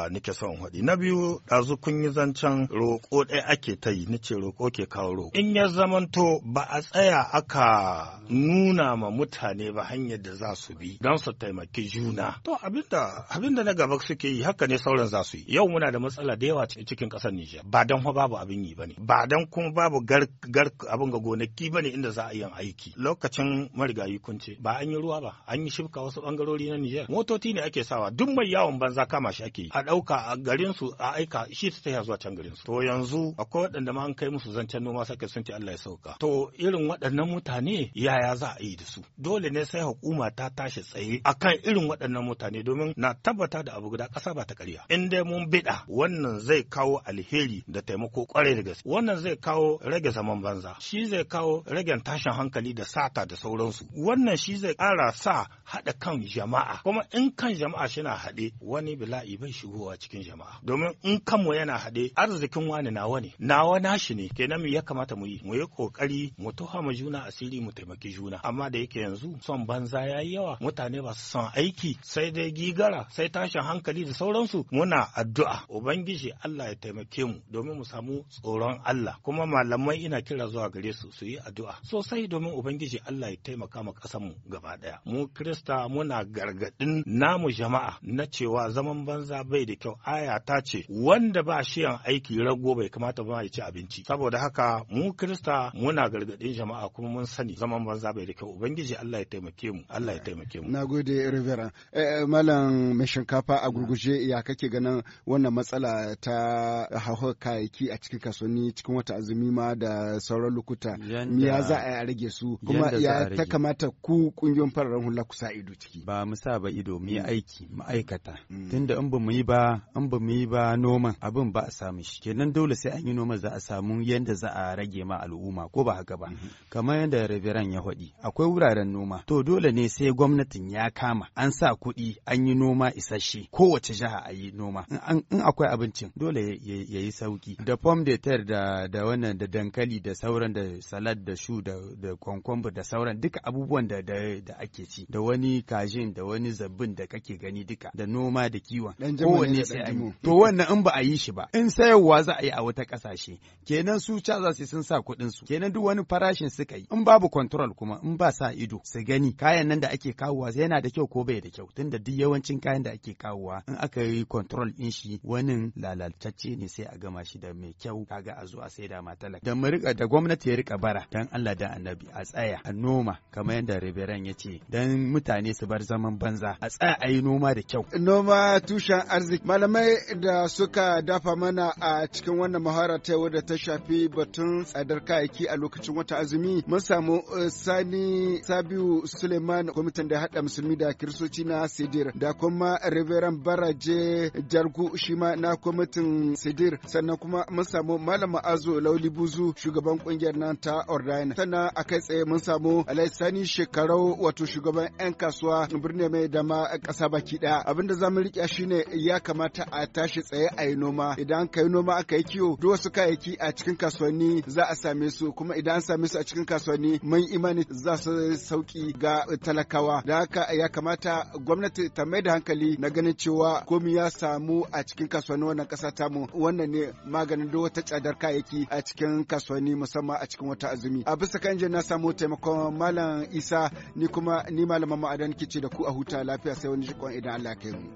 nake son hadi na biyu dazu kun yi zancen roƙo ɗaya ake ta yi nace roƙo ke kawo roƙo in ya zamanto ba a tsaya aka nuna ma mutane ba hanyar da za su bi don su taimaki juna to abinda abinda na gaba suke yi haka ne sauran za su yi yau yau muna da matsala da yawa cikin ƙasar Nijar ba dan fa babu abin yi bane ba dan kuma babu gar gar abin ga gonaki bane inda za a yi aiki lokacin marigayi kunce ba an yi ruwa ba an yi shifka wasu bangarori na Nijar motoci ne ake sawa duk mai yawon banza kama shi ake yi a dauka a garin su a aika shi ta tafiya zuwa can garin su to yanzu akwai waɗanda ma an kai musu zancen noma sake sun ce Allah ya sauka to irin waɗannan mutane yaya za a yi da su dole ne sai hukuma ta tashi tsaye akan irin waɗannan mutane domin na tabbata da abu guda kasa ba ta ƙarya in dai mun bida wannan zai kawo alheri da taimako kwarai da gaske wannan zai kawo rage zaman banza shi zai kawo rage tashin hankali da sata da sauransu wannan shi zai ƙara sa haɗa kan jama'a kuma in kan jama'a shina haɗe wani bila'i bai shigowa cikin jama'a domin in kanmu yana haɗe arzikin wani nawa ne nawa nashi ne kenan mu ya kamata mu yi mu yi ƙoƙari mu tuhama juna asiri mu taimaki juna amma da yake yanzu son banza ya yi yawa mutane ba su son aiki sai dai gigara sai tashin hankali da sauransu muna addu'a addu'a ubangiji Allah ya taimake mu domin mu samu tsoron Allah kuma malamai ina kira zuwa gare su su yi addu'a sosai domin ubangiji Allah ya taimaka ma ƙasar mu gaba ɗaya mu krista muna gargadin namu jama'a na cewa zaman banza bai da kyau aya ta ce wanda ba shi y'an aiki rago bai kamata ba ya ci abinci saboda haka mu krista muna gargadin jama'a kuma mun sani zaman banza bai da kyau ubangiji Allah ya taimake mu Allah ya taimake mu nagode rivera eh, eh, malam mai shinkafa a gurguje ya kake ganin wannan matsala ta hauhar kayayyaki a cikin kasuwanni cikin wata azumi ma da sauran lokuta ya za a rage su kuma ya ta kamata ku kungiyoyin fararen hula ku sa ido ciki ba mu sa ba ido mu yi mm. aiki ma'aikata mm. tunda in ba mu yi ba in ba mu yi ba noman abin ba a samu shi kenan dole sai an yi noma za a samu yanda za a rage ma al'umma ko ba haka ba mm-hmm. kamar yadda reveran ya faɗi akwai wuraren noma to dole ne sai gwamnatin ya kama an sa kuɗi an yi noma isasshe kowace jiha a yi noma in an in akwai abincin dole ya yi sauki da pom de ter da da wannan da dankali da sauran da salad da shu da da da sauran duka abubuwan da da ake ci da wani kajin da wani zabbin da kake gani duka da noma da kiwon kowanne sai a yi to wannan in ba a yi shi ba in sayarwa za a yi a wata kasashe kenan su ca za su sun sa kuɗin su kenan duk wani farashin suka yi in babu control kuma in ba sa ido su gani kayan nan da ake kawowa yana da kyau ko bai da kyau tunda duk yawancin kayan da ake kawowa in aka yi control din shi wani lalatacce ne sai a gama shi da mai kyau kaga a zo a saida ma talaka da mu da gwamnati ya rika bara dan Allah da annabi a tsaya a noma kamar yadda Reverend ya ce dan mutane su bar zaman banza a tsaya a yi noma da kyau noma tushen arziki malamai da suka dafa mana a cikin wannan mahara ta da ta shafi batun tsadar kayayyaki a lokacin wata azumi mun samu eh, sani sabiu suleiman kwamitin da haɗa musulmi da kiristoci na sidir da kuma Reverend baraje jargu shi ma na kwamitin sidir sannan kuma mun samu malam ma'azu lauli buzu shugaban kungiyar nan ta ordain sannan a kai tsaye mun samu alaisani shekarau wato shugaban yan kasuwa birni mai da ma kasa baki daya abinda za mu rike shine ya kamata a tashi tsaye a yi noma idan ka yi noma aka yi kiwo duk wasu kayayyaki a cikin kasuwanni za a same su kuma idan an same su a cikin kasuwanni mun imani za su sauki ga talakawa da haka ya kamata gwamnati ta mai da hankali na ganin cewa komi ya samu a cikin kasuwanni wannan ƙasa tamu wannan ne maganin duk wata tsadar kayayyaki a cikin kasuwanni musamman a cikin wata azumi a bisa kan na samu taimakon malam isa ni kuma ni malaman ma'adan kice da ku a huta lafiya sai wani jikon idan Allah ya kai mu